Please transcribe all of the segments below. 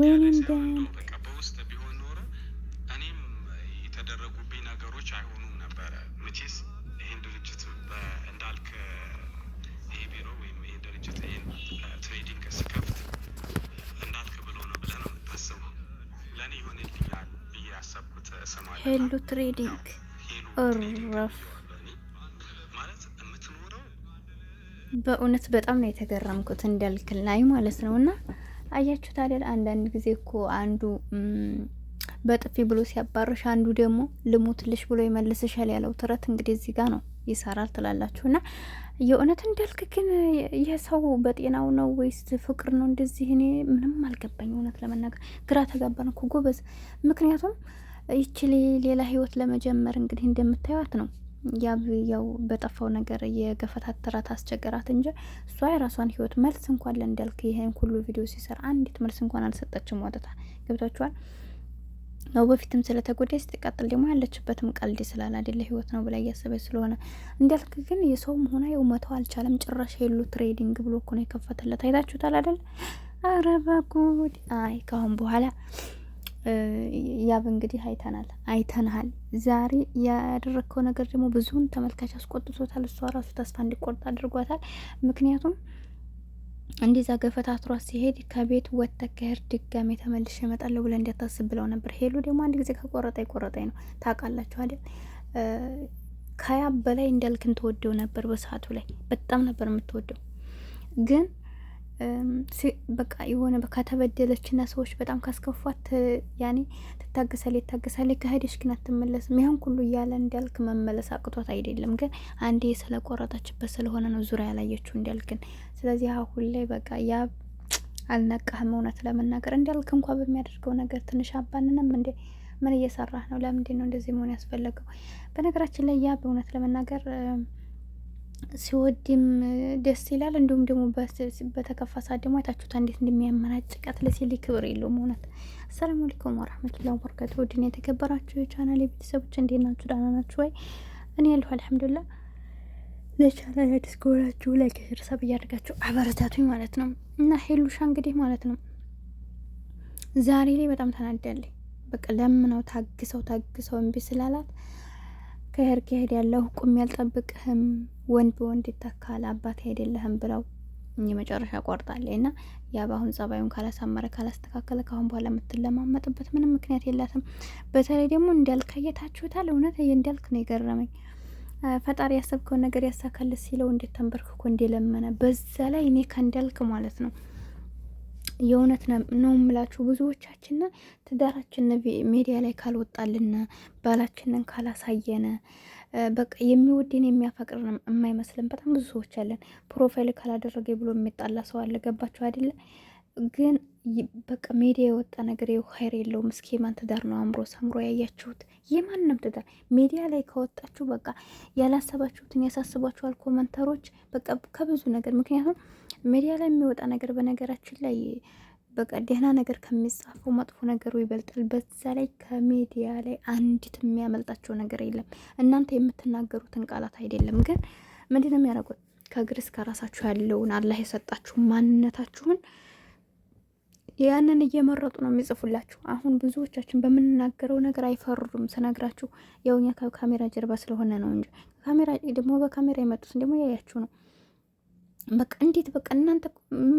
ወይኔ በውስጥ ቢሆን ኖሮ እኔም የተደረጉብኝ ነገሮች አይሆኑም ነበረ። መቼስ ይህን ድርጅት እንዳልክ ይህ ቢሮ ወይም ይህ ድርጅት ይህን ትሬዲንግ ስከፍት እንዳልክ ብሎ ነው ብለህ ነው የምታስበው። ለእኔ ይሆንልኛል ብዬ ያሰብኩት ስማ ሄሉ ትሬዲንግ እረፍ በእውነት በጣም ነው የተገረምኩት እንዳልክ ላይ ማለት ነው እና አያችሁት አይደል? አንዳንድ ጊዜ እኮ አንዱ በጥፊ ብሎ ሲያባርሽ፣ አንዱ ደግሞ ልሙትልሽ ብሎ ይመልስሻል ያለው ትረት እንግዲህ እዚህ ጋር ነው ይሰራል ትላላችሁ። እና የእውነት እንዳልክ ግን ይህ ሰው በጤናው ነው ወይስ ፍቅር ነው? እንደዚህ እኔ ምንም አልገባኝ። እውነት ለመናገር ግራ ተጋባን እኮ ጎበዝ። ምክንያቱም ይችል ሌላ ህይወት ለመጀመር እንግዲህ እንደምታዩት ነው ያብ ያው በጠፋው ነገር የገፈታተራት አስቸገራት እንጂ እሷ የራሷን ህይወት መልስ እንኳን ለእንዳልክ ይህን ሁሉ ቪዲዮ ሲሰራ አንዲት መልስ እንኳን አልሰጠችም። ወጥታ ገብታችኋል። ያው በፊትም ስለተጎዳይ ስትቀጥል ደግሞ ያለችበትም ቀልድ ስላል አደለ ህይወት ነው ብላ እያሰበች ስለሆነ እንዳልክ ግን የሰውም ሆነ የው መተው አልቻለም። ጭራሽ የሉ ትሬዲንግ ብሎ እኮ ነው የከፈተለት። አይታችሁታል አደለ? አረ በጉድ! አይ ካሁን በኋላ ያብ እንግዲህ አይተናል አይተናል። ዛሬ ያደረግከው ነገር ደግሞ ብዙውን ተመልካች አስቆጥቶታል። እሷ ራሱ ተስፋ እንዲቆርጥ አድርጓታል። ምክንያቱም እንዲዛ ገፈታትሯ ሲሄድ ከቤት ወጥተህ ከሄድ ድጋሜ ተመልሼ እመጣለሁ ብለ እንዲያታስብ ብለው ነበር። ሄሉ ደግሞ አንድ ጊዜ ከቆረጠኝ ቆረጠኝ ነው ታውቃላችሁ አይደል? ከያብ በላይ እንዳልክን ተወደው ነበር። በሰዓቱ ላይ በጣም ነበር የምትወደው ግን በቃ የሆነ በካ ተበደለች እና ሰዎች በጣም ካስከፏት ያኔ ትታገሳል ትታገሳለች፣ ከሄደች ግን አትመለስም። ይህን ሁሉ እያለ እንዲያልክ መመለስ አቅቷት አይደለም፣ ግን አንዴ ስለቆረጠችበት ስለሆነ ነው ዙሪያ ያላየችው እንዲያልክን። ስለዚህ አሁን ላይ በቃ ያ አልነቃህም። እውነት ለመናገር እንዲያልክ እንኳ በሚያደርገው ነገር ትንሽ አባንንም እንዴ ምን እየሰራህ ነው? ለምንድን ነው እንደዚህ መሆን ያስፈለገው? በነገራችን ላይ ያ በእውነት ለመናገር ሲወድም ደስ ይላል። እንዲሁም ደግሞ በተከፋ ሰዓት ደግሞ አይታችሁታ እንዴት እንደሚያመናጭቃት ለሴሊ ክብር የለውም እውነት። አሰላሙ አለይኩም ወራህመቱላሂ ወበረካቱ። ውድና የተከበራችሁ የቻናል የቤተሰቦች እንዴት ናችሁ? ደህና ናችሁ ወይ? እኔ ያለሁ አልሐምዱላ። ለቻናል አዲስ ከሆናችሁ ላይክ፣ ሼር፣ ሰብ እያደርጋችሁ አበረታቱኝ ማለት ነው እና ሄሉሻ እንግዲህ ማለት ነው ዛሬ ላይ በጣም ተናዳለች። በቃ ለምነው ታግሰው ታግሰው እምቢ ስላላት ከሄር ሄድ ያለሁ ቁም ያልጠብቅህም ወንድ በወንድ ይተካል አባት አይደለህም ብለው የመጨረሻ ቆርጣለች እና ያ በአሁን ጸባዩን ካላሳመረ ካላስተካከለ ከአሁን በኋላ የምትለማመጥበት ምንም ምክንያት የላትም። በተለይ ደግሞ እንዲያልክ አየታችሁታል። እውነት እንዲያልክ ነው የገረመኝ። ፈጣሪ ያሰብከውን ነገር ያሳካልስ ሲለው እንዴት ተንበርክኮ እንዲለመነ በዛ ላይ እኔ ከእንዲያልክ ማለት ነው የእውነት ነው የምላችሁ። ብዙዎቻችን ትዳራችን ሜዲያ ላይ ካልወጣልን ባላችንን ካላሳየን በቃ የሚወድን የሚያፈቅር የማይመስልን በጣም ብዙ ሰዎች አለን። ፕሮፋይል ካላደረገ ብሎ የሚጣላ ሰው አለ። ገባችሁ አይደለ? ግን በቃ ሜዲያ የወጣ ነገር ኸይር የለውም። እስኪ የማን ትዳር ነው አእምሮ ሰምሮ ያያችሁት? የማንም ትዳር ሜዲያ ላይ ከወጣችሁ በቃ ያላሰባችሁትን ያሳስባችኋል። ኮመንተሮች በቃ ከብዙ ነገር ምክንያቱም ሚዲያ ላይ የሚወጣ ነገር በነገራችን ላይ በቃ ደህና ነገር ከሚጻፈው መጥፎ ነገሩ ይበልጣል። በዛ ላይ ከሚዲያ ላይ አንዲት የሚያመልጣቸው ነገር የለም። እናንተ የምትናገሩትን ቃላት አይደለም ግን ምንድነው የሚያደርጉት? ከእግር እስከ ራሳችሁ ያለውን አላህ የሰጣችሁ ማንነታችሁን ያንን እየመረጡ ነው የሚጽፉላችሁ። አሁን ብዙዎቻችን በምንናገረው ነገር አይፈሩም። ስነግራችሁ ያው እኛ ከካሜራ ጀርባ ስለሆነ ነው እንጂ ካሜራ ደግሞ በካሜራ የመጡትን ደግሞ ያያችሁ ነው በቃ እንዴት በቃ እናንተ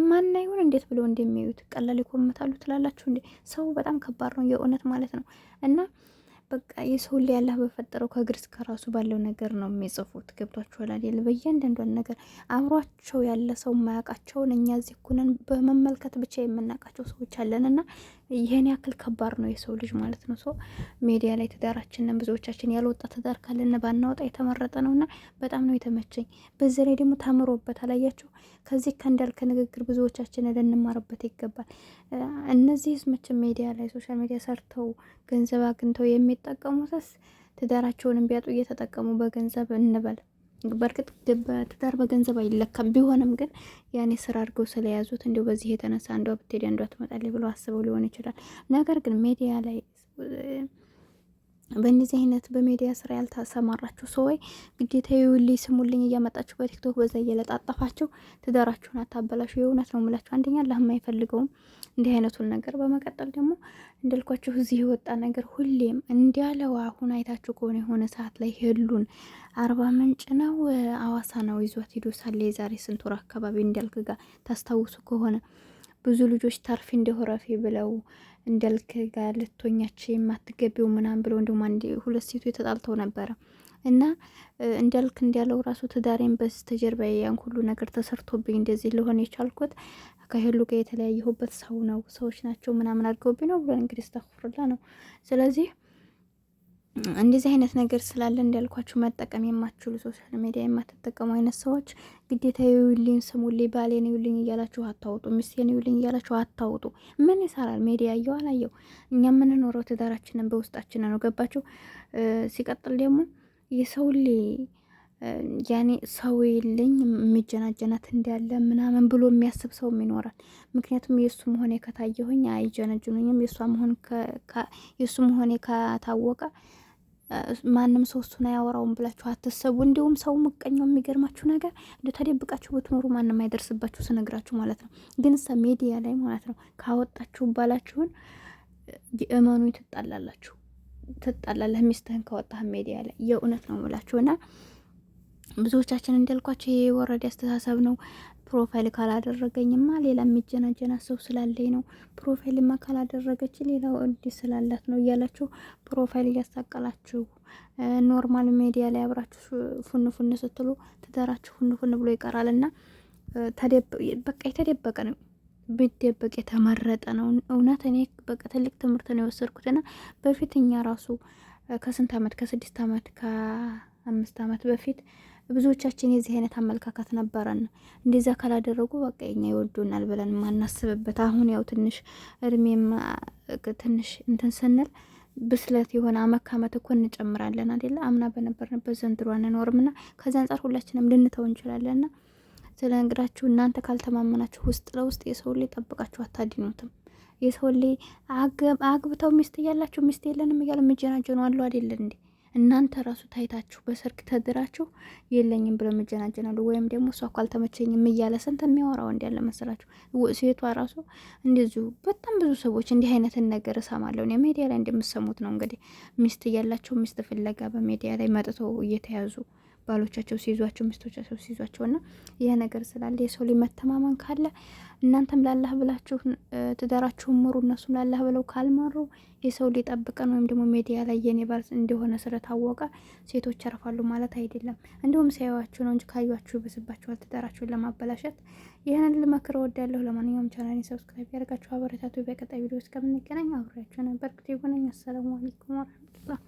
ማን አይሆን እንዴት ብለው እንደሚያዩት ቀላል ይኮምታሉ ትላላችሁ እንዴ? ሰው በጣም ከባድ ነው የእውነት ማለት ነው። እና በቃ የሰው ላይ ያላህ በፈጠረው ከእግር እስከ ራሱ ባለው ነገር ነው የሚጽፉት። ገብቷችኋል አይደል? በእያንዳንዷን ነገር አብሯቸው ያለ ሰው የማያውቃቸውን እኛ እዚህ ኩነን በመመልከት ብቻ የምናውቃቸው ሰዎች አለን እና ይህን ያክል ከባድ ነው የሰው ልጅ ማለት ነው። ሰው ሜዲያ ላይ ትዳራችንን ብዙዎቻችን ያልወጣ ትዳር ካለን ባናወጣ የተመረጠ ነው እና በጣም ነው የተመቸኝ። በዚህ ላይ ደግሞ ታምሮበት አላያችሁ። ከዚህ ከእንዳል ከንግግር ብዙዎቻችን ልንማርበት ይገባል። እነዚህስ መቼም ሜዲያ ላይ ሶሻል ሚዲያ ሰርተው ገንዘብ አግኝተው የሚጠቀሙትስ ትዳራቸውን ቢያጡ እየተጠቀሙ በገንዘብ እንበል በእርግጥ በትዳር በገንዘብ አይለካም። ቢሆንም ግን ያኔ ስራ አድርገው ስለያዙት እንዲሁ በዚህ የተነሳ አንዷ ብትሄድ አንዷ ትመጣለች ብለው አስበው ሊሆን ይችላል። ነገር ግን ሜዲያ ላይ በእነዚህ አይነት በሚዲያ ስራ ያልተሰማራችሁ ሰዎች ግዴታ ይውልኝ ስሙልኝ እያመጣችሁ በቲክቶክ በዛ እየለጣጠፋችሁ ትዳራችሁን አታበላሹ። የእውነት ነው የምላችሁ። አንደኛ አላህም አይፈልገውም እንዲህ አይነቱን ነገር። በመቀጠል ደግሞ እንዳልኳችሁ እዚህ የወጣ ነገር ሁሌም እንዲያለው አሁን አይታችሁ ከሆነ የሆነ ሰዓት ላይ ሄሉን አርባ ምንጭ ነው አዋሳ ነው ይዟት ሂዶሳለ የዛሬ ስንት ወር አካባቢ እንዳልክ ጋር ታስታውሱ ከሆነ ብዙ ልጆች ታርፊ እንደሆረፊ ብለው እንደልክ ጋር ልትሆኛች የማትገቢው ምናም ብሎ እንዲሁም አንድ ሁለት ሴቱ የተጣልተው ነበረ እና እንዳልክ እንዳለው ራሱ ትዳሬን በስተጀርባ ያን ሁሉ ነገር ተሰርቶብኝ እንደዚህ ልሆን የቻልኩት ከሄሉ ጋር የተለያየሁበት ሰው ነው ሰዎች ናቸው ምናምን አድርገውብኝ ነው ብሎ እንግዲህ ስተፍርላ ነው ስለዚህ እንደዚህ አይነት ነገር ስላለ እንዳልኳችሁ መጠቀም የማትችሉ ሶሻል ሚዲያ የማትጠቀሙ አይነት ሰዎች ግዴታ ይውልኝ፣ ስሙልኝ፣ ባሌን ይውልኝ እያላችሁ አታውጡ፣ ሚስቴን ይውልኝ እያላችሁ አታውጡ። ምን ይሰራል? ሜዲያ እየው አላየው፣ እኛ የምንኖረው ትዳራችንን በውስጣችን ነው። ገባችሁ? ሲቀጥል ደግሞ የሰው ሌ ያኔ ሰው የለኝ የሚጀናጀናት እንዳለ ምናምን ብሎ የሚያስብ ሰውም ይኖራል። ምክንያቱም የእሱ መሆኔ ከታየሁኝ አይጀነጅኑኝም፣ መሆን የእሱ መሆኔ ከታወቀ ማንም ሰው እሱን አያወራውም ብላችሁ አትሰቡ። እንዲሁም ሰው ምቀኛው የሚገርማችሁ ነገር እንደ ተደብቃችሁ ብትኖሩ ማንም አይደርስባችሁ ስነግራችሁ ማለት ነው። ግን ሰ ሜዲያ ላይ ማለት ነው ካወጣችሁ ባላችሁን የእመኑ ትጣላላችሁ ትጣላለህ ሚስትህን ከወጣህ ሜዲያ ላይ የእውነት ነው ምላችሁና ብዙዎቻችን እንዳልኳቸው የወረደ አስተሳሰብ ነው። ፕሮፋይል ካላደረገኝማ ሌላ የሚጀናጀና ሰው ስላለኝ ነው። ፕሮፋይልማ ካላደረገች ሌላ እንዲ ስላላት ነው እያላችሁ ፕሮፋይል እያሳቀላችሁ ኖርማል ሜዲያ ላይ አብራችሁ ፉን ፉን ስትሉ ትዳራችሁ ፉን ፉን ብሎ ይቀራል እና በቃ የተደበቀ ነው ብደበቅ የተመረጠ ነው። እውነት እኔ በቃ ትልቅ ትምህርት ነው የወሰድኩትና በፊት እኛ ራሱ ከስንት ዓመት ከስድስት አመት ከአምስት ዓመት በፊት ብዙዎቻችን የዚህ አይነት አመለካከት ነበረን። እንደዛ ካላደረጉ በቃ የኛ ይወዱናል ብለን ማናስብበት። አሁን ያው ትንሽ እድሜም ትንሽ እንትን ስንል ብስለት የሆነ አመት ከአመት እኮ እንጨምራለን አደለ? አምና በነበርንበት ዘንድሮ አንኖርምና ከዚ አንጻር ሁላችንም ልንተው እንችላለንና ስለ እንግዳችሁ እናንተ ካልተማመናችሁ ውስጥ ለውስጥ የሰው ላይ ጠብቃችሁ አታድኑትም። የሰው ላይ አግብተው ሚስት እያላችሁ ሚስት የለንም እያሉ የሚጀናጀኑ አሉ አይደለ እንዴ? እናንተ ራሱ ታይታችሁ በሰርግ ተድራችሁ የለኝም ብለው መጀናጀናሉ። ወይም ደግሞ እሷ እኮ አልተመቸኝም እያለ ስንት የሚያወራው ወንድ ያለ መሰላችሁ? ሴቷ ራሱ እንደዚሁ በጣም ብዙ ሰዎች እንዲህ አይነትን ነገር እሰማለሁ። ሜዲያ ላይ እንደምሰሙት ነው እንግዲህ ሚስት እያላቸው ሚስት ፍለጋ በሜዲያ ላይ መጥተው እየተያዙ ባሎቻቸው ሲይዟቸው፣ ሚስቶቻቸው ሲይዟቸው እና ይህ ነገር ስላለ የሰው ላይ መተማመን ካለ እናንተም ላላህ ብላችሁ ትዳራችሁን ምሩ፣ እነሱም ላላህ ብለው ካልመሩ የሰው ላይ ጠብቀን ወይም ደግሞ ሜዲያ ላይ የኔ ባል እንደሆነ ስለታወቀ ሴቶች ያርፋሉ ማለት አይደለም። እንዲሁም ሲያዩዋችሁ ነው እንጂ ካዩዋችሁ ይበስባችኋል ትዳራችሁን ለማበላሸት። ይህንን ልመክር እወዳለሁ። ለማንኛውም ቻናሌን ሰብስክራይብ ያደርጋችሁ አበረታቱ። በቀጣይ ቪዲዮ እስከምንገናኝ አብሬያችሁ ነበር ጊዜ ሆነኝ። አሰላሙ አለይኩም ወረህመቱላህ